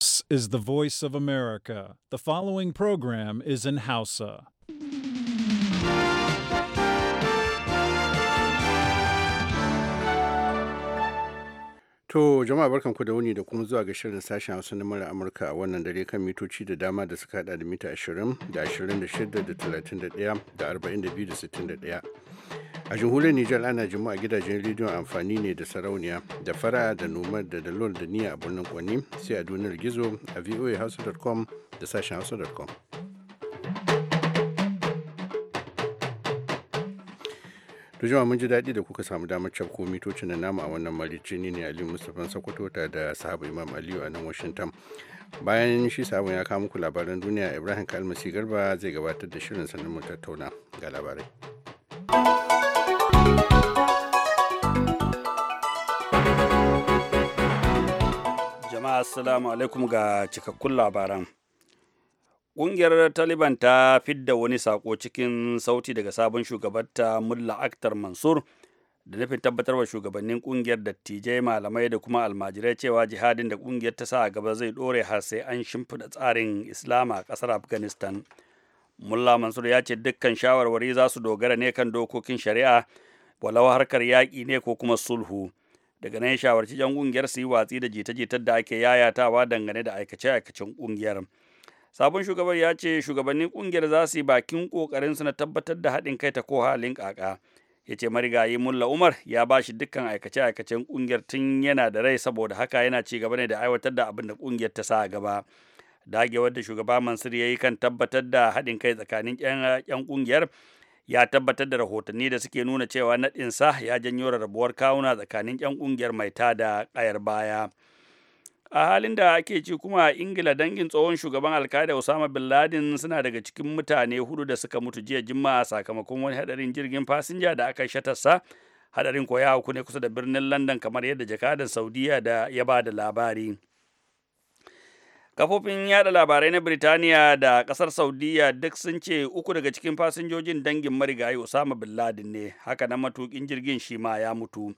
This is the voice of America. The following program is in Hausa. To jama'a barkanku da wuni da kuma zuwa ga shirin sashen Hausa na mara Amurka a wannan dare kan mitoci da dama da suka hada da mita 20 da 26 da 31 da 42 da 61. a jamhuriyar nijar ana a gidajen rediyon amfani ne da sarauniya da fara da noma da dalol da niyya a birnin kwani sai a duniyar gizo a voahouse.com da sashen hausa.com to jima mun ji daɗi da kuka samu damar cafko mitocin da namu a wannan malici ne ne aliyu mustapha sokoto ta da sahaba imam aliyu a nan washington bayan shi sabon ya kawo muku labaran duniya ibrahim kalmasi garba zai gabatar da shirin sannan mu tattauna ga labarai Assalamu alaikum ga cikakkun labaran. Ƙungiyar Taliban ta fidda wani sako cikin sauti daga sabon shugabanta Mulla Akhtar Mansur da nufin tabbatarwa shugabannin ƙungiyar dattijai malamai da kuma almajirai cewa jihadin da ƙungiyar ta sa a gaba zai ɗore har sai an shimfiɗa tsarin islam a ƙasar Afghanistan. Mulla Mansur ya ce dukkan shawarwari za su dogara ne kan dokokin shari'a walau harkar yaƙi ne ko kuma sulhu. daga nan ya shawarci 'yan kungiyar su yi watsi da jita-jitar da ake yayatawa dangane da aikace-aikacen kungiyar sabon shugaban ya ce shugabannin kungiyar za su yi bakin kokarin su na tabbatar da haɗin kai ta ko halin kaka ya ce marigayi mulla umar ya ba shi dukkan aikace-aikacen kungiyar tun yana da rai saboda haka yana ci gaba ne da aiwatar da abin da kungiyar ta sa a gaba dagewar da shugaba mansur ya yi kan tabbatar da haɗin kai tsakanin 'yan kungiyar ya tabbatar da rahotanni da suke nuna cewa naɗinsa ya janyo rarrabuwar kawuna tsakanin 'yan ƙungiyar mai da kayar baya a halin da ake ci kuma a ingila dangin tsohon shugaban alkaida usama bin laden suna daga cikin mutane hudu da suka mutu jiya juma'a sakamakon wani hadarin jirgin fasinja da aka shatarsa hadarin ko ya ne kusa da birnin london kamar yadda jakadan saudiya da ya ba da labari Kafofin yada labarai na Birtaniya da kasar Saudiya duk sun ce uku daga cikin fasinjojin dangin marigayi Osama Bin Laden ne, haka na matukin jirgin shi ma ya mutu.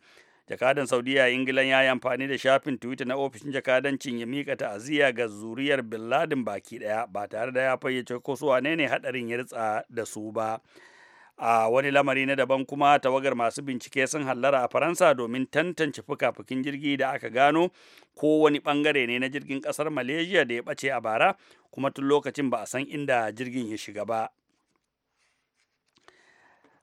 Jakadan Saudiya Ingilan ya yi amfani da shafin Twitter na ofishin jakadancin ya mika ta'aziyya ga zuriyar Bin Laden baki daya ba tare da ya fayyace ko su wane ne hadarin ya ritsa da su ba. a wani lamari na daban kuma tawagar masu bincike sun hallara a faransa domin tantance fuka-fukin jirgi da aka gano ko wani bangare ne na jirgin kasar malaysia da ya bace a bara kuma tun lokacin ba a san inda jirgin ya shiga ba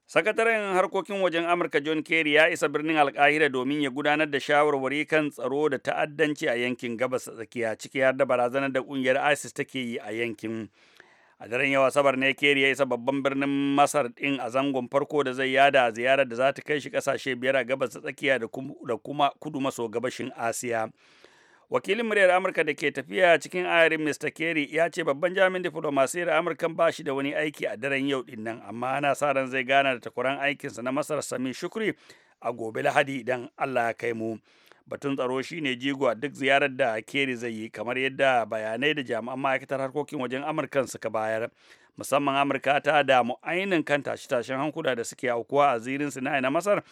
sakataren harkokin wajen amurka john kerry ya isa birnin alkahira domin ya gudanar da shawarwari kan tsaro da ta'addanci a yankin gabas tsakiya ciki har da barazanar da kungiyar isis take yi a yankin a daren yau asabar ne keri ya isa babban birnin masar din a zangon farko da zai yada a ziyarar da za ta kai shi kasashe biyar a gabas ta tsakiya da kuma kudu maso gabashin asiya wakilin muryar amurka da ke tafiya cikin ayarin mr kerry ya ce babban jami'in da amurkan ba shi da wani aiki a daren yau din amma ana sa ran zai gana da takwaran aikinsa na masar sami shukri a gobe lahadi idan allah ya kai mu batun tsaro shine jigo a duk ziyarar da keri zai yi kamar yadda bayanai da jami'an ma'aikatar harkokin wajen amurkan suka bayar musamman amurka ta damu ainin kan tashe-tashen hankula da suke aukuwa a zirin sinai na masar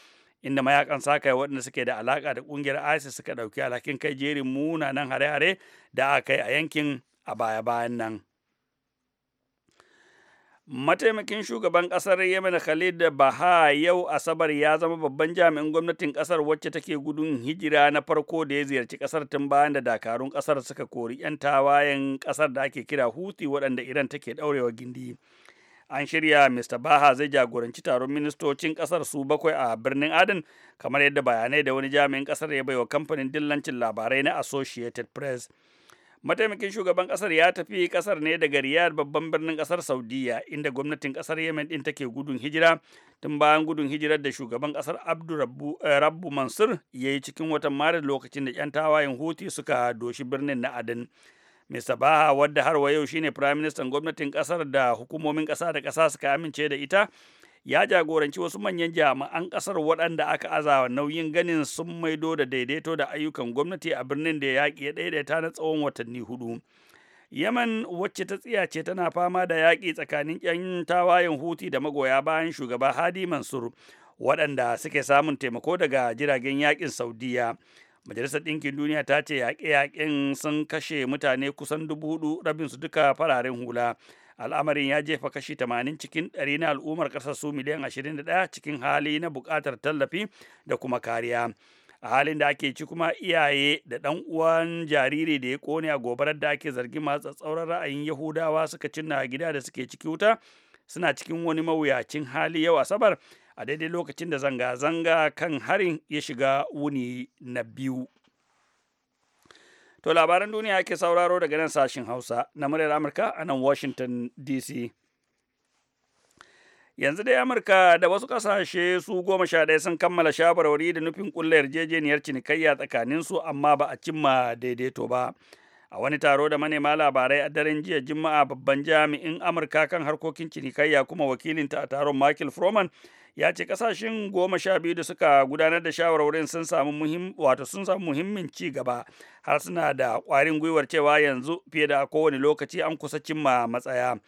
inda mayakan sakai waɗanda suke da alaka da ƙungiyar isis suka ɗauki alhakin kai jerin munanan hare-hare da aka yi a yankin a baya-bayan nan Mataimakin shugaban ƙasar Yemen Khalid Baha yau Asabar ya zama babban jami'in gwamnatin ƙasar wacce take gudun hijira na farko da ya ziyarci ƙasar tun bayan da dakarun ƙasar suka kori 'yan tawayen ƙasar da ake kira Houthi waɗanda Iran take ɗaurewa gindi. An shirya Mr. Baha zai jagoranci taron ministocin ƙasar su bakwai a birnin Aden kamar yadda bayanai da wani jami'in ƙasar ya baiwa kamfanin dillancin labarai na Associated Press. mataimakin shugaban kasar ya tafi kasar ne daga riyad babban birnin kasar saudiya inda gwamnatin kasar yemen din take gudun hijira tun bayan gudun hijirar da shugaban kasar abdu eh, mansur ya yi cikin watan maris lokacin da yan tawayen huti suka doshi birnin na adan mista baha wadda har wa yau shine prime minister gwamnatin kasar da hukumomin kasa da kasa suka amince da ita ya jagoranci wasu manyan jami'an ƙasar waɗanda aka azawa nauyin ganin sun maido da daidaito da ayyukan gwamnati a birnin da yaƙi ya daidaita na tsawon watanni hudu. Yaman wacce ta tsiya ce tana fama da yaƙi tsakanin 'yan tawayen Huti da magoya bayan shugaba Hadi Mansur waɗanda suke samun taimako daga jiragen yaƙin Saudiya. Majalisar Ɗinkin Duniya ta ce yaƙe-yaƙen sun kashe mutane kusan dubu hudu rabinsu duka fararen hula. al'amarin ya jefa kashi 80 cikin 100 na al'ummar ƙasar su miliyan 21 cikin hali na buƙatar tallafi da kuma kariya a halin da ake ci kuma iyaye da ɗan uwan jariri da ya kone a gobarar da ake zargin masu tsauran ra'ayin yahudawa suka cinna gida da suke ciki wuta suna cikin wani mawuyacin hali yau asabar a daidai lokacin da zanga-zanga kan harin ya shiga wuni na biyu To labaran duniya ake sauraro daga nan sashin Hausa na muryar Amurka a nan Washington DC. Yanzu dai Amurka da wasu kasashe su goma sha ɗaya sun kammala shawarwari da nufin ƙulla yarjejeniyar cinikayya tsakaninsu amma ba a cimma daidaito ba. A wani taro da manema labarai a daren jiya Juma'a babban jami'in Amurka kan harkokin cinikayya kuma wakilinta a taron Michael Froman ya ce kasashen goma sha biyu da suka gudanar da shawarwarin sun samu muhim wato sun samu muhimmin ci gaba har suna da ƙwarin gwiwar cewa yanzu fiye da kowane lokaci an kusa cimma matsaya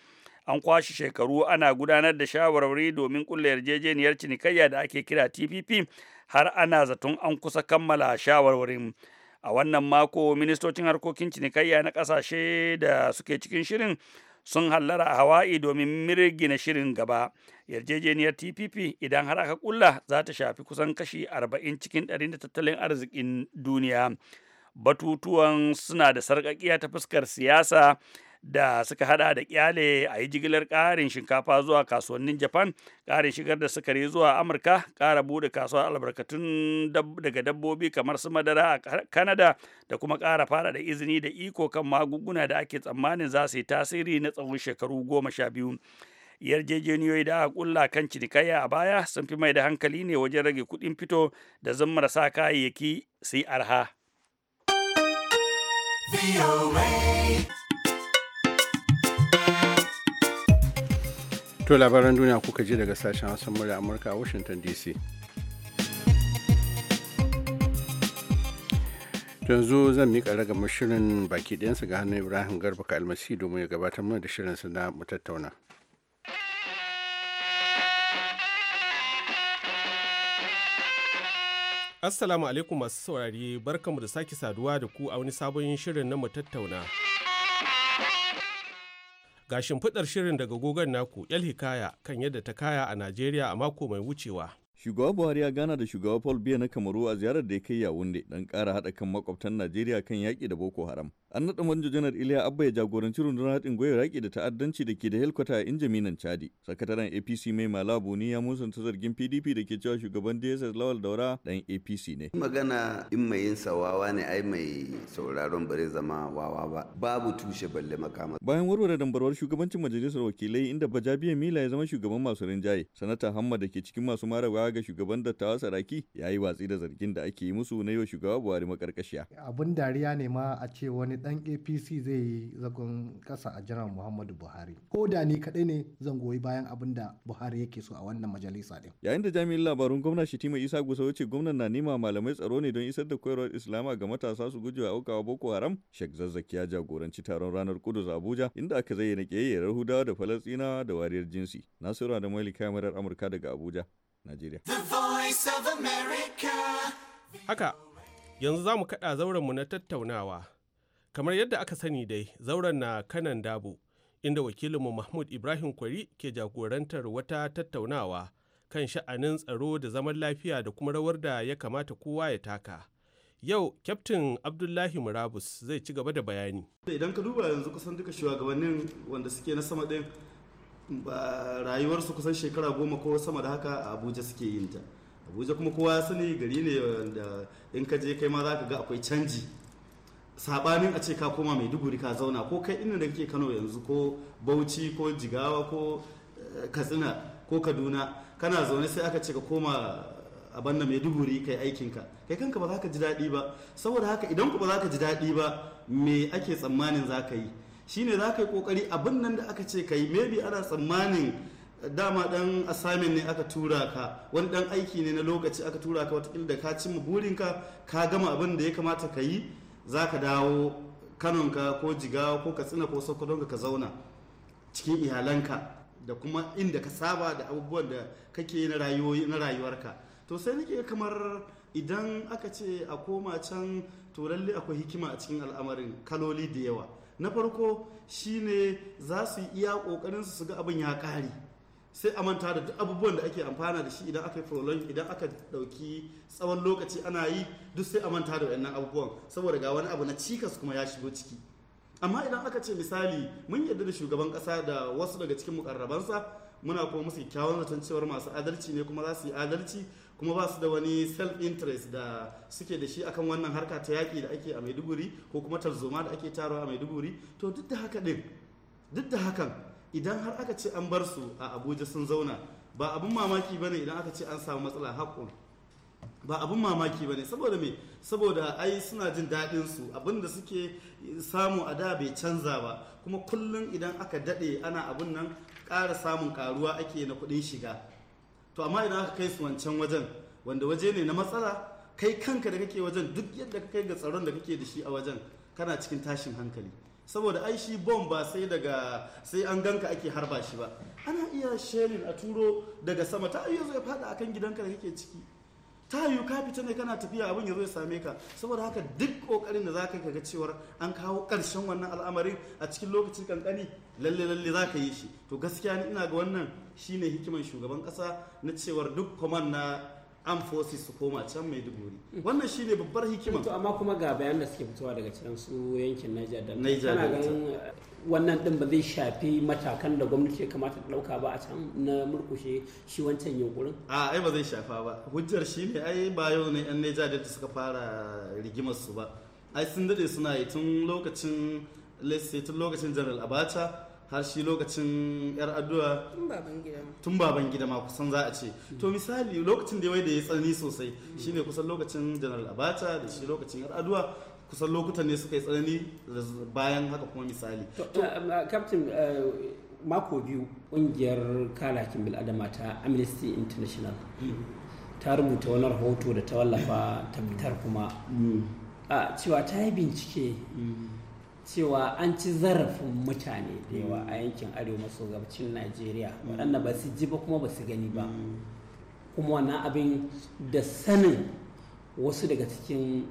an kwashe shekaru ana gudanar da shawarwari domin kulle yarjejeniyar cinikayya da ake kira tpp har ana zaton an kusa kammala shawarwarin a wannan mako ministocin harkokin cinikayya na kasashe da suke cikin shirin sun hallara a hawaii domin mirgina shirin gaba yarjejeniyar tpp idan har aka kulla za ta shafi kusan kashi 40 cikin 100 na tattalin arzikin duniya batutuwan suna da sarƙaƙiya ta fuskar siyasa da suka hada da kyale a yi jigilar karin shinkafa zuwa kasuwannin japan karin shigar da sukari zuwa amurka kara bude kasuwar albarkatun daga dabbobi kamar su madara a kanada da kuma kara fara da izini da iko kan magunguna da ake tsammanin za su yi tasiri na tsawon shekaru goma sha biyu yarjejeniyoyi da aka kulla kan cinikayya a baya sun fi mai da hankali ne wajen rage kuɗin fito da zan marasa kayayyaki su yi arha. To labaran duniya kuka ji daga sashen Hausa murya Amurka a Washington DC. yanzu zan mika raga shirin baki ɗayansa ga hannun Ibrahim Garba ka almasi domin ya gabatar mana da shirinsa na mutattauna. tattauna. Assalamu alaikum masu saurari barkamu da sake saduwa da ku a wani sabon shirin na mu tattauna. Ga shimfiɗar shirin daga gogon naku yal hikaya kan yadda ta kaya a Najeriya a mako mai wucewa. Shugaba Buhari ya gana da shugaba Paul Biya na Kamaru a ziyarar da ya kai Yawunde don ƙara haɗa kan makwabtan Najeriya kan yaƙi da Boko Haram. An naɗa manjo janar Iliya Abba ya jagoranci rundunar haɗin gwiwar yaƙi da ta'addanci da ke da helkwata a injiminan Chadi. Sakataren APC mai Malabo ni ya musanta zargin PDP da ke cewa shugaban DSS Lawal Daura ɗan APC ne. Magana in mai yin wawa ne ai mai sauraron bare zama wawa ba. Babu tushe balle makama. Bayan warware dambarwar shugabancin majalisar wakilai inda Bajabiya Mila ya zama shugaban masu rinjaye, sanata Hamma da ke cikin masu marawa ga shugaban dattawa Saraki ya yi watsi da zargin da ake yi musu na yau shugaba Buhari makarkashiya. Abun dariya ne ma a ce wani ne dan apc zai yi zagon kasa a jiran muhammadu buhari ko da ni kadai ne zan goyi bayan abin da buhari yake so a wannan majalisa din yayin da jami'in labarun gwamna shitima isa gusa wuce gwamnan na nima malamai tsaro ne don isar da koyarwar islama ga matasa su guje gujewa aukawa boko haram shek zazzaki ya jagoranci taron ranar kudu a abuja inda aka zayyana kiyayyar hudawa da falastinawa da wariyar jinsi nasiru da kamarar amurka daga abuja najeriya haka yanzu za mu kaɗa zauren mu na tattaunawa kamar yadda aka sani dai zauren na kanan dabo inda wakilinmu mahmud ibrahim kwari ke jagorantar wata tattaunawa kan sha'anin tsaro da zaman lafiya da kuma rawar da ya kamata kowa ya taka yau kyaftin abdullahi murabus zai ci gaba da bayani idan ka duba yanzu kusan duka shugabannin wanda suke na sama ba rayuwarsu kusan shekara goma ko sama da haka a abuja suke yin ta abuja kuma kowa ya sani gari ne wanda in ka je kai ma za ka ga akwai canji sabanin a ce ka koma mai duguri ka zauna ko kai inda da kake kano yanzu ko bauchi ko jigawa ko eh, katsina ko kaduna kana zaune sai aka ce ka koma a banna ka kai aikinka kai kanka ba za ka ji daɗi ba saboda haka idan ku ba za ka ji daɗi ba me ake tsammanin za ka yi shine za ka yi kokari abin nan da aka ce ka yi maybe ana tsammanin eh, dama dan assignment ne aka tura ka wani dan aiki ne na lokaci aka tura ka watakila da ka cimma burinka ka gama abin da ya kamata ka yi za ka dawo kanonka ko Jiga ko katsina ko sokoto ka zauna cikin iyalanka da kuma inda ka saba da abubuwan da kake na rayuwarka to sai nake kamar idan aka ce a koma can to lalle akwai hikima a cikin al'amarin kaloli da yawa na farko shine za su iya kokarin su ga abin ya kare sai a manta da abubuwan da ake amfana da shi idan aka yi prolong idan aka dauki tsawon lokaci ana yi duk sai a manta da wayannan abubuwan saboda ga wani abu na cikas kuma ya shigo ciki amma idan aka ce misali mun yarda da shugaban kasa da wasu daga cikin mukarrabansa muna kuma musu kyakkyawan zaton cewar masu adalci ne kuma za su yi adalci kuma ba su da wani self interest da suke da shi akan wannan harka ta yaki da ake a maiduguri ko kuma tarzoma da ake tarawa a maiduguri to duk da haka din duk da hakan idan har aka ce an bar su a abuja sun zauna ba abin mamaki ba ne idan aka ce an samu matsala haƙƙun ba abin mamaki ba ne saboda me saboda ai suna jin daɗin su abinda suke samu a da bai canza ba kuma kullum idan aka daɗe ana abun nan ƙara samun ƙaruwa ake na kuɗin shiga to amma idan aka kai su wancan wajen wanda waje ne na matsala kai kanka da kake wajen duk yadda ka kai ga tsaron da kake da shi a wajen kana cikin tashin hankali saboda ai shi bom ba sai daga sai an ganka ake harba shi ba ana iya shelin a turo daga sama ta iya zo ya fada akan gidanka da kake ciki ta yi ka fita ne kana tafiya abin ya zo ya same ka saboda haka duk kokarin da zaka kaga cewar an kawo ƙarshen wannan al'amarin a cikin lokacin kankani lalle lalle zaka yi shi to gaskiya ni ina ga wannan shine hikiman shugaban kasa na cewar duk command na an forces su koma can mai maiduguri wannan shine babbar hikima to amma kuma ga bayan da suke fitowa daga can su yankin Niger da kana ganin eh, wannan din ba zai shafi matakan da gwamnati ya kamata ta dauka ba a can na murkushe shi wancan yunkurin a ai ba zai shafa ba hujjar shine ai ba yau ne yan Niger da suka fara rigimar su ba ai sun dade suna yi tun lokacin let's say tun lokacin General Abacha har shi lokacin yar addu'a tun baban gida ma kusan za a ce to misali lokacin da ya da ya tsanani sosai shine kusan lokacin janar abata da shi lokacin yar addu'a kusan lokutan ne suka yi tsanani bayan haka kuma misali um, uh, captain uh, mako biyu kungiyar kalakin bil'adama ta amnesty international ta rubuta wani rahoto da ta wallafa ta kuma mm. cewa ta yi bincike mm. cewa an ci zarafin mutane da yawa a yankin arewa maso gabacin najeriya waɗanda ba su ji ba kuma ba su gani ba kuma wannan abin da sanin wasu daga cikin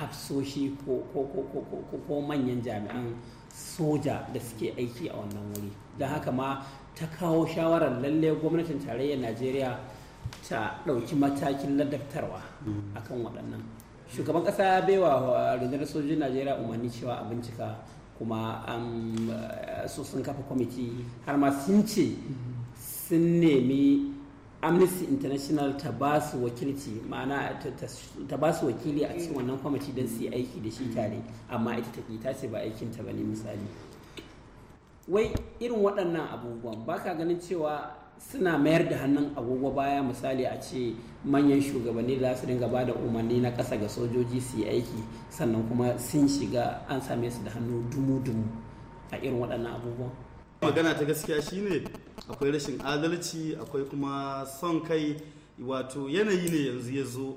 hafsoshi ko manyan jami'an soja da suke aiki a wannan wuri don haka ma ta kawo shawarar lalle gwamnatin tarayyar najeriya ta ɗauki matakin ladabtarwa mm. akan waɗannan shugaban kasa baiwa eh, rundunar sojojin najeriya umarni cewa a bincika kuma um, eh, so sun kafa kwamiti har ma sun ce sun nemi amnesty international ta ba su wakilci ma'ana ta ba su wakili a cikin wannan kwamiti don su yi aiki da shi tare amma ita ta ta ce ba aikinta ba ne misali wai irin waɗannan abubuwan ba ka ganin cewa suna mayar da hannun agogo baya misali a ce manyan shugabanni da su dinga ba da umarni na kasa ga sojoji su yi aiki sannan kuma sun shiga an same su da hannu dumu-dumu a irin waɗannan abubuwan magana ta gaskiya shine akwai rashin adalci akwai kuma son kai wato yanayi ne yanzu ya zo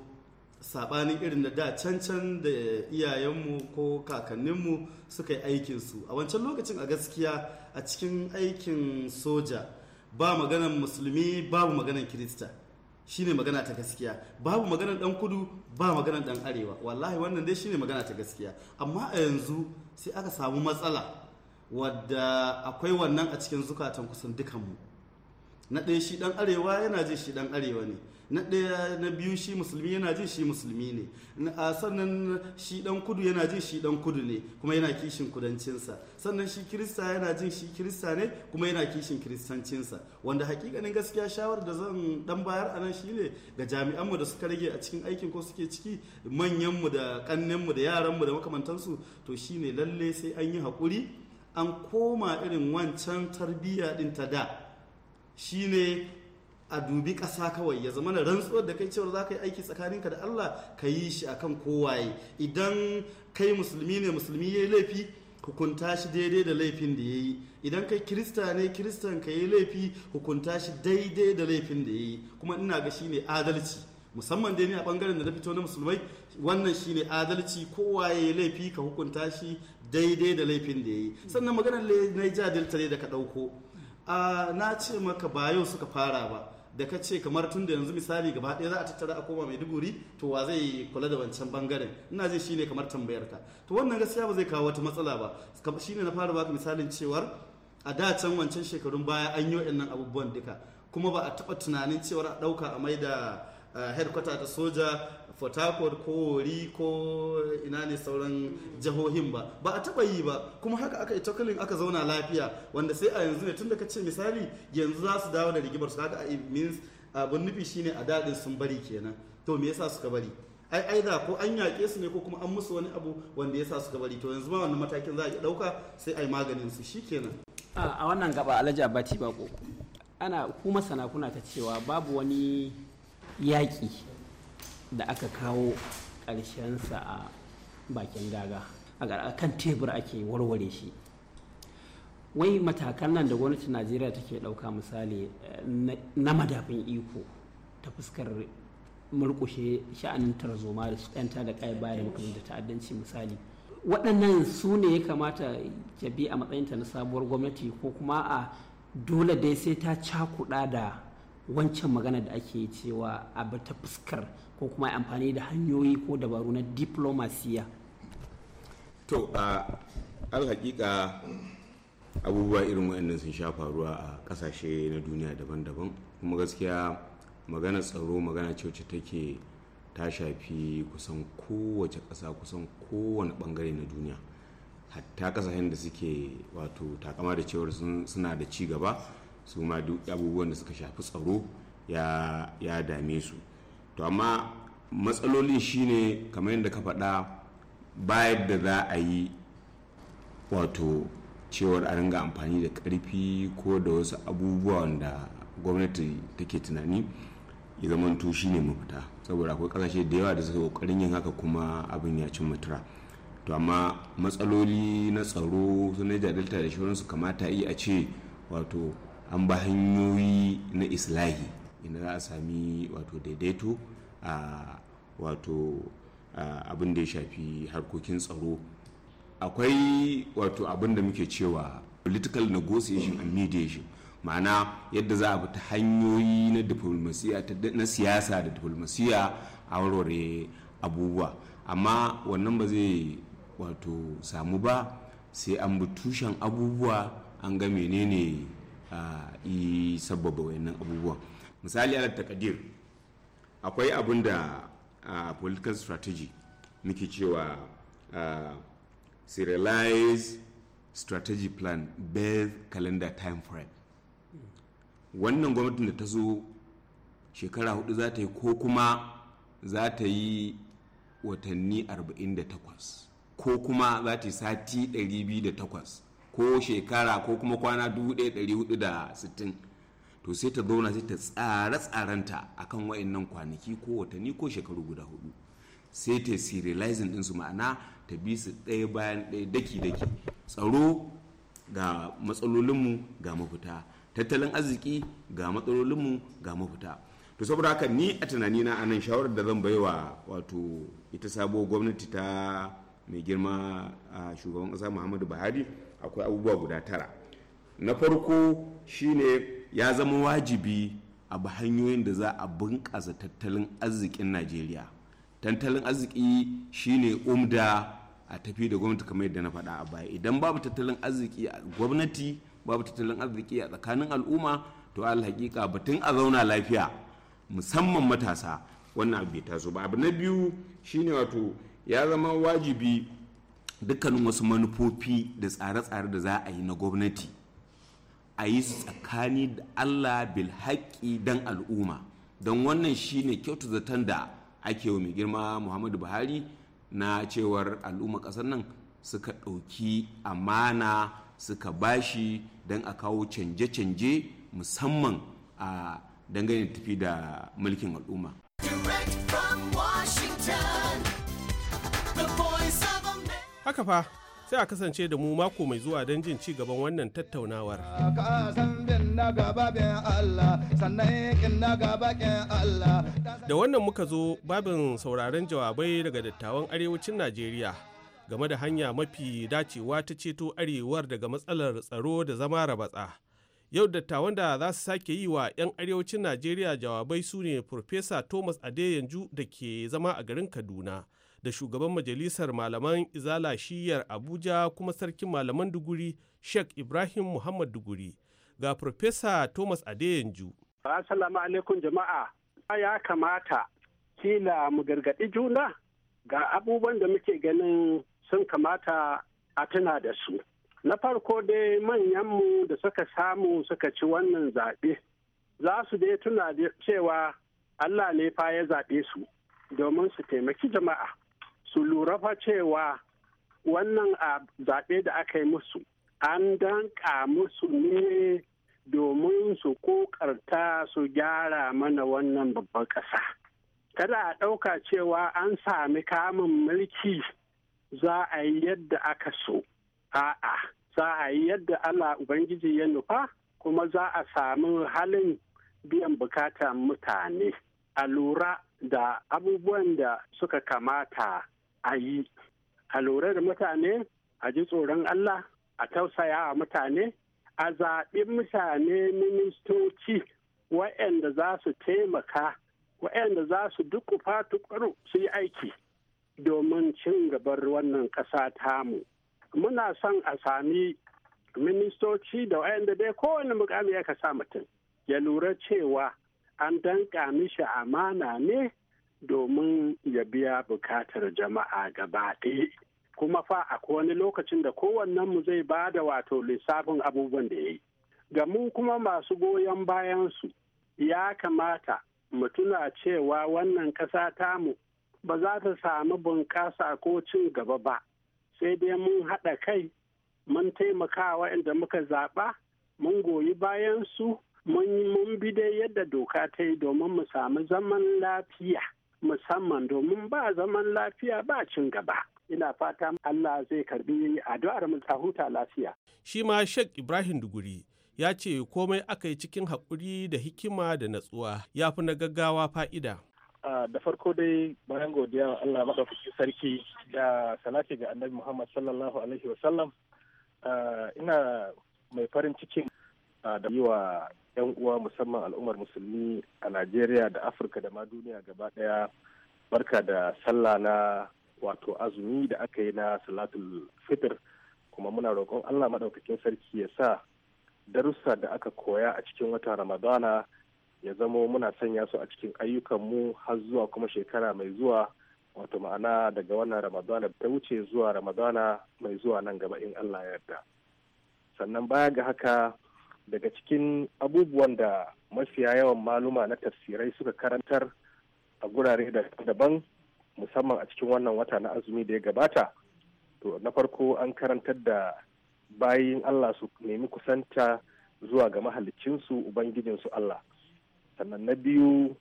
saɓanin irin da da cancan da iyayenmu ko kakanninmu suka yi aikinsu a wancan lokacin a gaskiya a cikin aikin soja ba maganan musulmi babu maganan kirista shine magana ta gaskiya babu maganan dan kudu ba maganan dan arewa wallahi wannan dai shine magana ta gaskiya amma a yanzu sai aka samu matsala wadda akwai wannan a cikin zukatan kusan dukanmu na ɗaya shi ɗan arewa yana jin shi ɗan arewa ne na ɗaya na biyu shi musulmi yana jin shi musulmi ne a sannan shi ɗan kudu yana jin shi dan kudu ne kuma yana kishin kudancinsa sannan shi kirista yana jin shi kirista ne kuma yana kishin kiristancinsa wanda hakikanin gaskiya shawar da zan dan bayar a nan shine ga jami'anmu da suka rage a cikin aikin ko suke ciki manyanmu da kannenmu da yaranmu da makamantansu to shine lalle sai an yi haƙuri an koma irin wancan tarbiyya ɗin ta da shine a dubi ƙasa kawai ya zama na rantsuwar da kai cewar za ka yi aiki tsakaninka da Allah ka yi shi a kan kowaye idan kai musulmi ne musulmi ya yi laifi hukunta shi daidai da laifin da ya yi idan kai kirista ne kiristan ka yi laifi hukunta shi daidai da laifin da ya yi kuma ina ga shi ne adalci musamman dai ne a bangaren da na fito na musulmai wannan shi ne adalci kowa ya yi laifi ka hukunta shi daidai da laifin da ya yi sannan maganar na ja delta ne da ka ɗauko na ce maka ba yau suka fara ba da ka ce kamar tun da yanzu misali gaba ɗaya za a tattara a koma maiduguri to wa zai kula da wancan bangaren ina ji shine kamar tambayar ka to wannan gaskiya ba zai kawo wata matsala ba shine na fara baka misalin cewar a da can wancan shekarun baya an yi nan abubuwan duka kuma ba a taɓa tunanin cewar a ɗauka a maida headquarter ta soja port harcourt ko Wori ko ina ne sauran jihohin ba ba a taba yi ba kuma haka aka yi takalin aka zauna lafiya wanda sai a yanzu ne tun da ka ce misali yanzu za su dawo da rigimar su haka a means abin nufi shine a dadin sun bari kenan to me yasa suka bari ai da ko an yaƙe su ne ko kuma an musu wani abu wanda ya sa suka bari to yanzu ma wannan matakin za a iya ɗauka sai a yi maganin su shikenan a wannan gaba alhaji abati ko ana kuma sana kuna ta cewa babu wani yaƙi da aka kawo ƙarshen sa a bakin daga a kan tebur ake warware shi wai matakan nan da gwamnatin najeriya take ɗauka misali eh, na madafin iko ta fuskar mulkushe sha'anin tarzoma da su yanta da kai baya da ta'addanci misali waɗannan su ne ya kamata jabi a matsayinta na sabuwar gwamnati ko kuma a dole dai sai ta cakuɗa da wancan magana da ake cewa a ta fuskar ko kuma amfani da hanyoyi ko dabaru na diplomasiya to a alhaƙiƙa abubuwa irin waɗannan sun sha faruwa a ƙasashe na duniya daban-daban kuma gaskiya magana tsaro magana coci ta take ta shafi kusan kowace ƙasa kusan kowane ɓangare na duniya hatta ƙasashen da suke wato takama da cewar suna da ci gaba su ma duk abubuwan da suka shafi tsaro ya dame su to amma matsaloli shine kamar yadda ka faɗa bayan da za a yi wato cewar a ringa amfani da ƙarfi ko da wasu abubuwan da gwamnati take tunani ya tushi ne mafita saboda akwai ƙasashe da yawa da suka ƙoƙarin yin haka kuma abin ya cin mutura to amma matsaloli na tsaro su na delta da shirinsu kamata yi a ce wato an ba hanyoyi na islahi inda za a sami wato daidaito a wato abin da ya shafi harkokin tsaro akwai wato abin da muke cewa political negotiation and mediation ma'ana yadda za a ta hanyoyi na diplomasiya na siyasa da diplomasiya a warware abubuwa amma wannan ba zai wato samu ba sai an bi tushen abubuwa an ga menene i sabbaba wayannan abubuwan misali ala takadir akwai abin da political strategy muke cewa serialized strategy plan based calendar time frame wannan gwamnatin da ta zo shekara hudu za ta yi ko kuma za ta yi watanni 48 ko kuma za ta yi sati 208 ko shekara ko kuma kwana 1460 to sai ta zauna sai ta tsare tsarenta akan wayannan kwanaki ko watanni ko shekaru guda hudu sai ta serializing su ma'ana ta bi su ɗaya bayan ɗaya daki-daki tsaro ga matsalolinmu ga mafita tattalin arziki ga matsalolinmu ga mafita to saboda haka ni a tunani na anan shawarar da zan baiwa wato ita sabuwar gwamnati ta mai girma a shugaban ƙasa muhammadu buhari akwai abubuwa guda tara na farko shine ya zama wajibi a ba hanyoyin da za a bunƙasa tattalin arzikin najeriya tattalin arziki shine umda a tafi da gwamnati kamar yadda na faɗa a baya idan babu tattalin arziki a gwamnati babu tattalin arziki a tsakanin al'umma to al hakika batun a zauna lafiya musamman matasa wannan abu bai taso ba abu na biyu shine wato ya zama wajibi dukkanin wasu manufofi da tsare-tsare da za a yi na gwamnati a yi su tsakani da allah bilhaki don al'umma don wannan shine kyautu zaton da ake mai girma muhammadu buhari na cewar al'umma ƙasar nan suka ɗauki amana suka bashi don a kawo canje-canje musamman a dangane tafi da mulkin al'umma. Direct from Washington. Haka fa sai a kasance da mu mako mai zuwa don jin ci gaban wannan tattaunawar. Da wannan muka zo babin sauraron jawabai daga dattawan arewacin Najeriya game da hanya mafi dacewa ta ceto arewar daga matsalar tsaro da zama rabatsa. Yau dattawan da za su sake yi wa 'yan arewacin Najeriya jawabai su ne Farfesa Thomas Adeyanju da ke zama a garin Kaduna. da shugaban majalisar malaman izala shiyar abuja kuma sarkin malaman duguri sheikh ibrahim muhammad duguri ga Profesa thomas adeyanju assalamu alaikum jama'a ya kamata kila mu gargaɗi juna ga abubuwan da muke ganin sun kamata a tuna da su na farko dai manyanmu da suka samu suka ci wannan zaɓe za su dai tuna cewa allah ne fa ya zaɓe su domin su taimaki jama'a su lura fa cewa wannan a zaɓe da aka yi musu an danƙa musu ne domin su kokarta su gyara mana wannan babban ƙasa. Kada a ɗauka cewa an sami kamun mulki za a yi yadda aka so, a'a, za a yi yadda Allah Ubangiji ya nufa kuma za a sami halin biyan bukatan mutane a lura da abubuwan da suka kamata a yi a lura da mutane a ji tsoron Allah a tausaya wa mutane a zaɓi mutane ministoci waɗanda za su taimaka waɗanda za su dukufa ƙwaro, su yi aiki domin cin gabar wannan ƙasa tamu muna son a sami ministoci da waɗanda dai kowane mukami ya ka sa mutum ya lura cewa an danƙa mishi amana ne domin ya biya bukatar jama'a gaba ɗaya kuma fa akwai wani lokacin da mu zai ba da wato lissafin abubuwan da ya yi ga mu kuma masu goyon bayansu ya kamata mu tuna cewa wannan ƙasa tamu ba za ta sami bunƙasa ko cin gaba ba sai dai mun haɗa kai mun taimaka inda muka zaɓa mun goyi bayansu mun bi dai yadda doka ta yi domin mu samu zaman lafiya. musamman domin ba zaman lafiya ba cin gaba. Ina fata Allah zai karbi addu'ar mu ta huta lafiya. Shi ma Sheikh Ibrahim Duguri ya ce komai aka yi cikin haƙuri da hikima da natsuwa ya fi na gaggawa fa'ida. da farko dai bayan godiya Allah maɗaukaki sarki da salati ga annabi Muhammad sallallahu alaihi wasallam ina mai farin cikin da yi wa 'yan uwa musamman al'ummar musulmi a najeriya da afirka da ma duniya gaba daya barka da sallah na wato azumi da aka yi na salatul fitr kuma muna roƙon allah maɗaukakin sarki ya sa darussa da aka koya a cikin watan ramadana ya zamo muna sanya su a cikin ayyukanmu har zuwa kuma shekara mai zuwa wato ma'ana daga wannan ramadana ta wuce zuwa ramadana mai zuwa nan gaba in allah ya yarda sannan baya ga haka daga cikin abubuwan da mafiya yawan maluma na tafsirai suka karantar a gurare daban musamman a cikin wannan wata na azumi da ya gabata to na farko an karantar da bayin Allah su nemi kusanta zuwa ga mahalicinsu ubangijinsu Allah sannan na biyu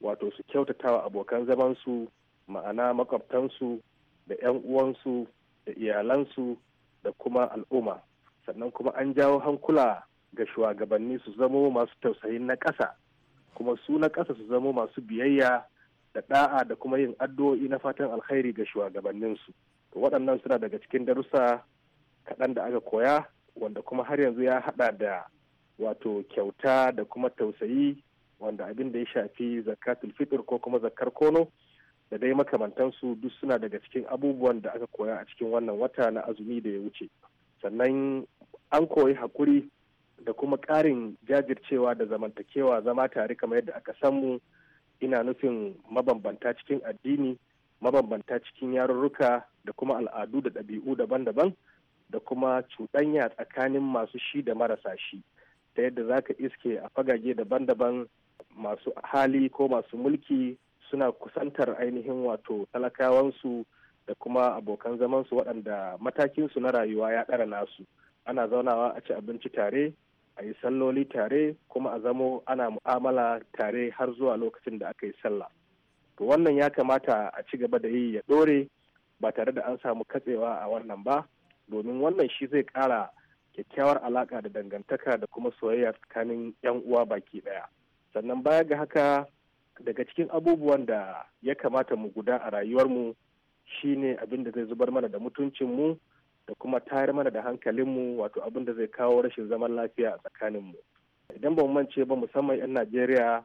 wato su kyautatawa abokan zamansu ma'ana makwabtansu da 'yan uwansu da iyalansu da kuma al'umma sannan kuma an jawo hankula ga shugabanni su zamo masu tausayi na ƙasa kuma su na ƙasa su zamo masu biyayya da ɗa'a da kuma yin addu'o'i na fatan alkhairi ga shugabanninsu waɗannan suna daga cikin darussa kaɗan da aka koya wanda kuma har yanzu ya haɗa da wato kyauta da kuma tausayi wanda abin da ya shafi zakatul fitr ko kuma zakar kono da dai makamantansu duk suna daga cikin abubuwan da aka koya a cikin wannan wata na azumi da ya wuce sannan an koyi hakuri da kuma ƙarin jajircewa da zamantakewa zama tare kamar yadda aka san mu ina nufin mabambanta cikin addini mabambanta cikin yarurruka da kuma al'adu da ɗabi'u daban-daban da kuma cuɗanya tsakanin masu shi da marasa shi ta yadda za ka iske a fagage daban-daban masu hali ko masu mulki suna kusantar ainihin wato talakawansu da kuma abokan zamansu waɗanda matakinsu na rayuwa ya ɗara nasu ana zaunawa a ci abinci tare a yi salloli tare kuma a zamo ana mu'amala tare har zuwa lokacin da aka yi sallah to wannan ya kamata a ci gaba da yi ya ɗore ba tare da an samu katsewa a wannan ba domin wannan shi zai ƙara kyakkyawar alaƙa da dangantaka da kuma soyayya tsakanin 'yan uwa baki ɗaya sannan baya ga haka daga cikin abubuwan da ya kamata mu guda a rayuwarmu shine abin da zai zubar mana da mutuncinmu da kuma tayar mana da hankalinmu wato abin da zai kawo rashin zaman lafiya a tsakaninmu idan ba mu mance ba musamman 'yan najeriya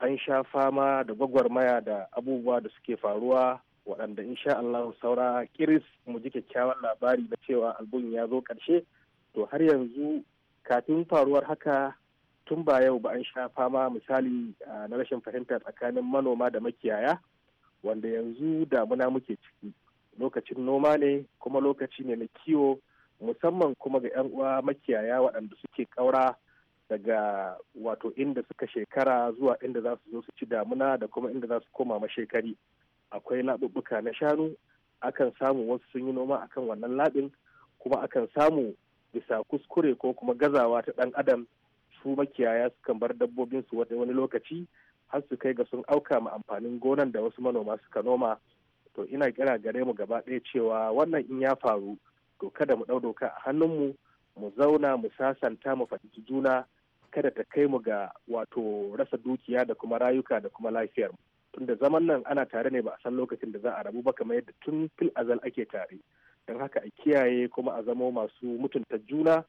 an sha fama da gwagwarmaya da abubuwa da suke faruwa waɗanda insha Allah saura kiris mu ji kyakkyawan labari na cewa albun ya zo ƙarshe to har yanzu kafin faruwar haka tun ba yau ba an sha fama misali na rashin fahimta tsakanin manoma da makiyaya wanda yanzu damuna muke ciki lokacin noma ne kuma lokaci ne na kiwo musamman kuma ga 'yan uwa makiyaya waɗanda suke ƙaura daga wato inda suka shekara zuwa inda za su zo su ci damuna da kuma inda za su koma mashekari akwai laɓuɓɓuka na shanu akan samu wasu sun yi noma akan wannan laɓin kuma akan samu bisa kuskure ko kuma gazawa ta ɗan adam su makiyaya sukan bar dabbobinsu wani lokaci har su kai ga sun auka ma amfanin gonan da wasu manoma suka noma to ina kira gare mu gaba ɗaya cewa wannan in ya faru to kada mu ɗau doka a hannunmu mu zauna mu sasanta mu fahimci juna kada ta kai mu ga wato rasa dukiya da kuma rayuka da kuma lafiyar mu tunda zaman nan ana tare ne ba a san lokacin da za a rabu ba kamar yadda tun fil azal ake tare don haka a kiyaye kuma a zamo masu mutunta juna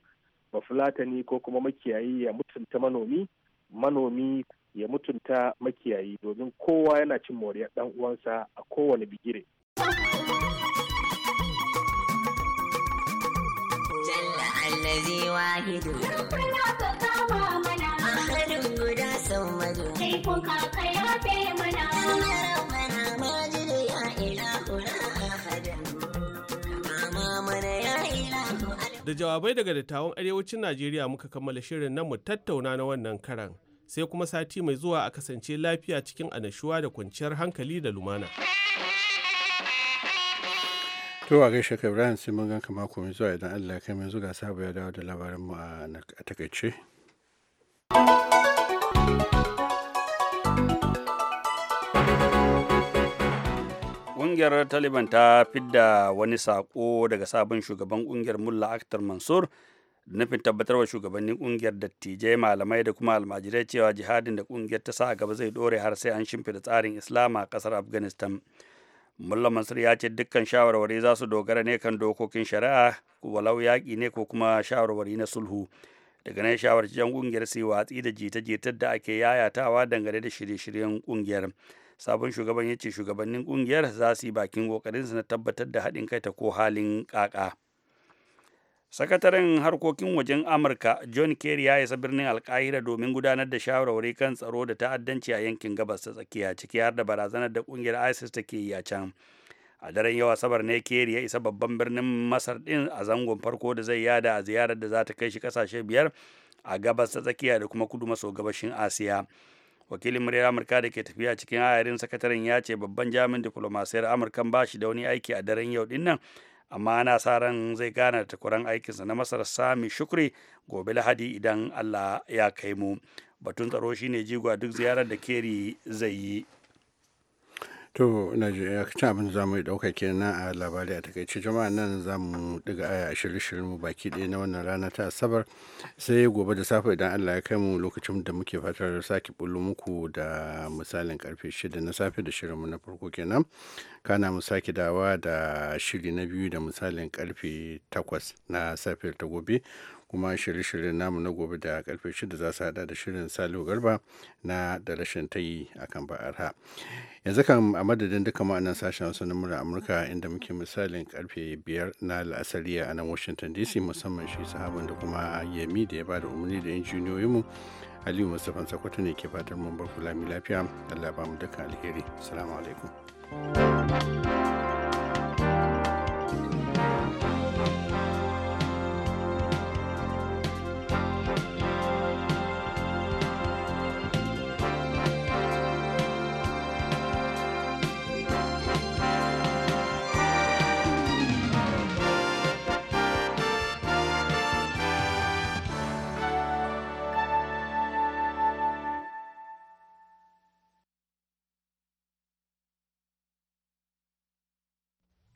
ba fulatani ko kuma makiyayi ya mutunta manomi manomi ya mutunta makiyayi domin kowa yana cin moriyar ɗan uwansa a kowane bigire. Da jawabai daga dattawan arewacin Najeriya muka kammala shirin nan mu tattauna na wannan karan. sai kuma sati mai zuwa a kasance lafiya cikin anashuwa da kwanciyar hankali da lumana. To a gaishe ka Ibrahim sai mun ganka mako mai zuwa idan Allah ya kai mun zuga sabu ya dawo da labaran mu a takaice. Ƙungiyar Taliban ta fidda wani saƙo daga sabon shugaban ƙungiyar Mullah Akhtar Mansur nufin tabbatarwa shugabannin kungiyar dattijai malamai da kuma almajirai cewa jihadin da kungiyar ta sa a gaba zai dore har sai an shimfida tsarin islam a kasar afghanistan mullah mansur ya ce dukkan shawarwari za su dogara ne kan dokokin shari'a walau yaƙi ne ko kuma shawarwari na sulhu daga nan shawarci jan kungiyar su watsi da jita-jitar da ake yayatawa dangane da shirye-shiryen kungiyar sabon shugaban ya ce shugabannin kungiyar za su yi bakin kokarinsu na tabbatar da haɗin kai ta ko halin ƙaƙa. sakataren harkokin wajen amurka john kerry ya isa birnin alkahira domin gudanar da shawarwari kan tsaro da ta'addanci a yankin gabas ta tsakiya ciki har da barazanar da kungiyar isis take yi a can a daren yau asabar ne kerry ya isa babban birnin masar din a zangon farko da zai yada a ziyarar da za ta kai shi kasashe biyar a gabas ta tsakiya da kuma kudu maso gabashin asiya wakilin muryar amurka da ke tafiya cikin ayarin sakataren ya ce babban jami'in diflomasiyar amurkan ba shi da wani aiki a daren yau dinnan amma ana sa ran zai gane da takwaran aikinsa na masar sami shukri gobe lahadi idan allah ya kai mu batun tsaro shine jigwa duk ziyarar da keri zai yi To, na ji ya eh, ci abin za mu yi ɗauka kenan a labari a takaice jama'a nan za mu ɗiga aya a shirye mu baki ɗaya na wannan rana ta Asabar sai gobe da safe idan Allah ya kai mu lokacin da muke fatar sake bullo muku da misalin karfe shida na safe da shirinmu na farko kenan. Kana mu sake dawa da shiri na biyu da misalin karfe takwas na safe ta gobe kuma shirye-shiryen namu na gobe da karfe shida za su hada da shirin salo garba na da rashin tayi kan ba'arha yanzu kan a madadin duka ma'anan sashen wasu na murar amurka inda muke misalin karfe biyar na la'asariya a nan washington dc musamman shi sahabin da kuma yami da ya ba da umarni da injiniyoyinmu aliyu mustapha sakwato ne ke fatar mun bar kula lafiya allah ba mu dukkan alheri assalamu alaikum